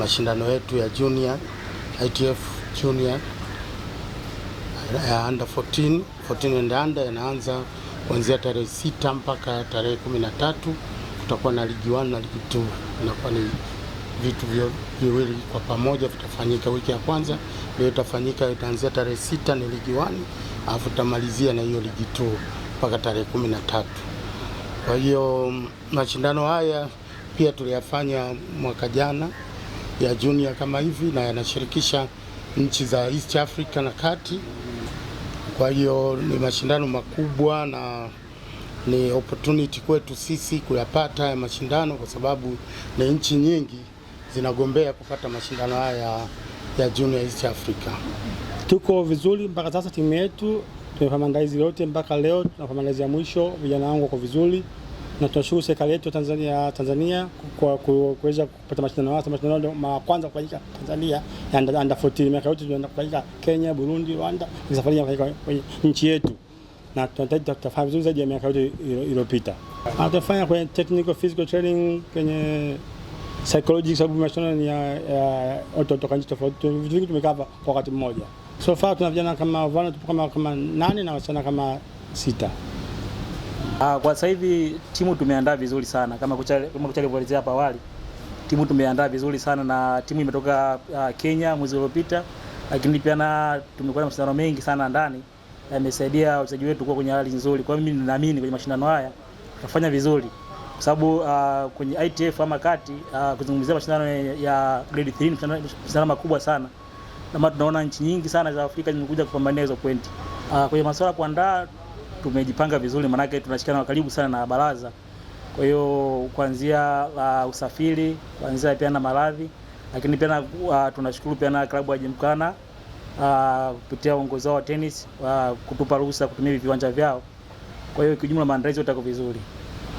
mashindano yetu ya junior ITF junior ya under 14, 14 and under yanaanza kuanzia tarehe sita mpaka tarehe kumi na tatu. Kutakuwa na ligi 1 na ligi 2, inakuwa ni vitu viwili kwa pamoja vitafanyika. Wiki ya kwanza ndio itafanyika, itaanzia tarehe sita ni ligi 1, alafu tutamalizia na hiyo ligi 2 mpaka tarehe kumi na tatu. Kwa hiyo mm, mashindano haya pia tuliyafanya mwaka jana ya junior kama hivi na yanashirikisha nchi za East Africa na kati. Kwa hiyo ni mashindano makubwa na ni opportunity kwetu sisi kuyapata haya mashindano, kwa sababu ni nchi nyingi zinagombea kupata mashindano haya ya junior East Africa. Tuko vizuri mpaka sasa, timu yetu tumefanya maandalizi yote mpaka leo, tunafanya maandalizi ya mwisho. Vijana wangu wako vizuri na tunashukuru serikali yetu Tanzania Tanzania kwa kuweza kupata mashindano haya. Mashindano ya kwanza kufanyika Tanzania ya under 14, miaka yote tunaenda kufanyika Kenya, Burundi, Rwanda, safari inafanyika kwenye nchi yetu, na tunataka tutafanya vizuri zaidi ya miaka yote iliyopita. Tutafanya kwenye technical physical training, kwenye psychology, sababu mashindano ni ya watu kutoka nchi tofauti. Vitu vingi tumekava kwa wakati mmoja. So far tuna vijana kama wavulana tupo kama kama nane na wasichana kama sita. Ah, kwa sasa hivi timu tumeandaa vizuri sana kama kocha alivyoelezea hapa awali, timu tumeandaa vizuri sana na timu imetoka uh, Kenya mwezi uliopita, lakini pia na tumekuwa na mashindano mengi sana ndani, yamesaidia wachezaji wetu kuwa kwenye hali nzuri. Kwa mimi ninaamini kwenye mashindano haya tutafanya vizuri kwa sababu uh, kwenye ITF ama kati uh, kuzungumzia mashindano ya grade 3 ni mashindano makubwa sana na tunaona nchi nyingi sana za Afrika zimekuja kupambania hizo pointi. Uh, kwenye masuala kuandaa tumejipanga vizuri, maanake tunashikana karibu sana na baraza. Kwa hiyo kuanzia uh, usafiri, kuanzia pia na maradhi, lakini pia uh, tunashukuru pia na klabu ya Gymkhana uh, kupitia uh, uongozi wao wa tenis uh, kutupa ruhusa kutumia viwanja vyao. Kwa hiyo kijumla maandalizi yako vizuri.